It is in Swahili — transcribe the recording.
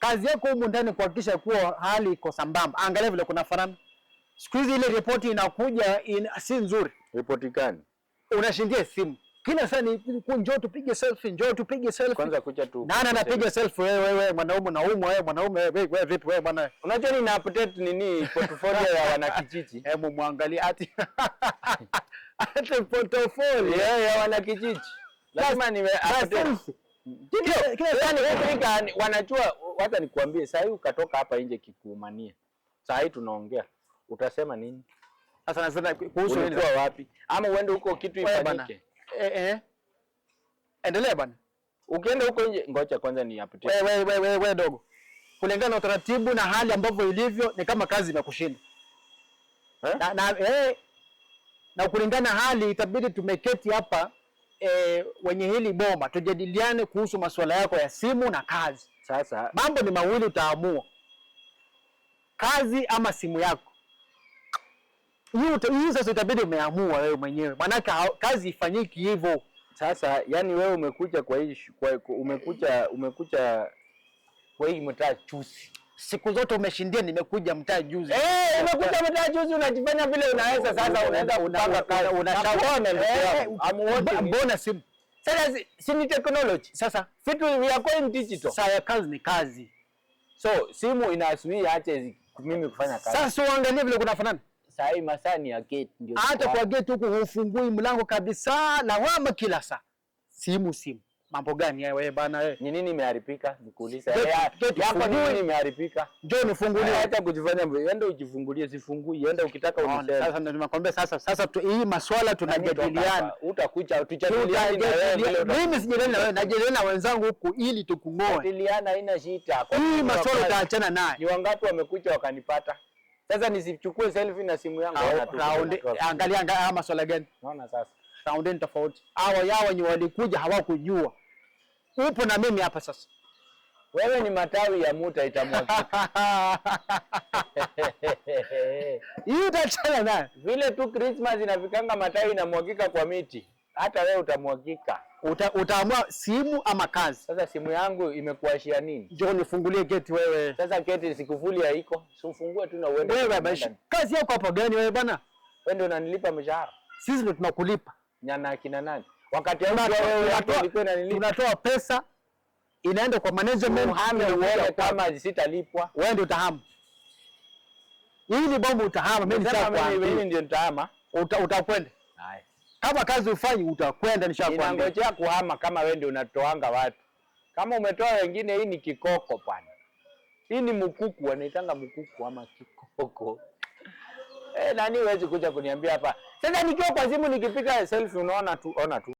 Kazi yako humu ndani kuhakikisha kuwa hali iko sambamba, angalia vile kuna fanana. Siku hizi ile ripoti inakuja in, si nzuri. Ripoti gani? Unashindia simu kila saa ni njoo tupige selfie, njoo tupige selfie. Kwanza kucha tu nani anapiga selfie? Wewe wewe mwanaume na umwa wewe mwanaume wewe wewe vipi wewe bwana, unajua ni na update nini portfolio ya wanakijiji. Hebu muangalie ati ati portfolio ya wanakijiji lazima niwe update kila kila yaani wanajua kwanza nikuambie, saa hii ukatoka hapa nje kikuumania, saa hii tunaongea, utasema nini? Sasa nasema kuhusu nini, kwa wapi, ama uende huko kitu ifanyike. Eh, eh, endelea bana. Ukienda huko nje, ngoja kwanza niyapitie. Wewe wewe wewe wewe dogo, kulingana na utaratibu na hali ambavyo ilivyo, ni kama kazi imekushinda eh? na, na, eh, na kulingana hali itabidi tumeketi hapa eh, wenye hili boma tujadiliane kuhusu masuala yako ya simu na kazi sasa mambo ni mawili, utaamua kazi ama simu yako. Hiyo sasa itabidi umeamua wewe mwenyewe, maanake kazi ifanyiki hivyo. Sasa yani wewe umekuja kwa hii umekuja umekuja kwa hii mtaa chusi siku zote umeshindia, nimekuja mtaa juzi. Eh, umekuja mtaa juzi, unajifanya vile unaweza. Sasa unaenda unapanga kazi, unashauri eh, mbona simu sasa si ni technology. Sasa vitu we are going digital. Sasa kazi ni kazi. So simu inaasumia acha mimi kufanya kazi. Sasa uangalie vile kuna kunafanana. Sasa hii masaa ni ya gate ndio. Hata kwa gate huko hufungui mlango kabisa na wama kila saa. Simu simu. Mambo gani haya wewe bana wewe? Ni nini imeharibika? Nikuuliza. Hapo ni nini imeharibika? Njoo nifungulie hata kujifanya uende ujifungulie sifungui. Enda ukitaka uniseme. Sasa ndio nimekwambia sasa sasa tu, hii maswala yaani tunajadiliana. Utakuja tujadiliane na wewe. Mimi sijadiliana na wewe, najadiliana na wenzangu huku ili tukungoe. Jadiliana haina shida. Hii maswala utaachana naye. Ni wangapi wamekuja wakanipata? Sasa nisichukue selfie na simu yangu. Angalia angalia masuala gani? Naona sasa. Soundeni tofauti. Hawa yawa wenye walikuja hawakujua upo na mimi hapa sasa. Wewe ni matawi ya muta itamwagika. Hiyo utachana nayo. Vile tu Christmas inafikanga matawi inamwagika kwa miti. Hata wewe utamwagika. Uta, utaamua simu ama kazi. Sasa simu yangu imekuashia nini? Njoo nifungulie geti wewe. Sasa geti sikufuli haiko. Si ufungue tu na uende. Wewe baba, Kazi yako hapo gani wewe bwana? Wewe ndio unanilipa mshahara. Sisi ndio tunakulipa. Nyana akina nani? wakati tunatoa pesa inaenda kwa management, uone kama sitalipwa, wewe ndio utahama. Hii ni bomba, utahama. Mimi ndio nitahama, utakwenda kama kazi ufanyi, utakwenda. Ninangojea kuhama kama wewe ndio unatoanga watu, kama umetoa wengine. Hii ni kikoko bwana, hii ni mkuku, wanaitanga mkuku ama kikoko. E, nani wezi kuja kuniambia hapa sasa, nikiwa kwa simu nikipika selfie, unaona tu, ona tu.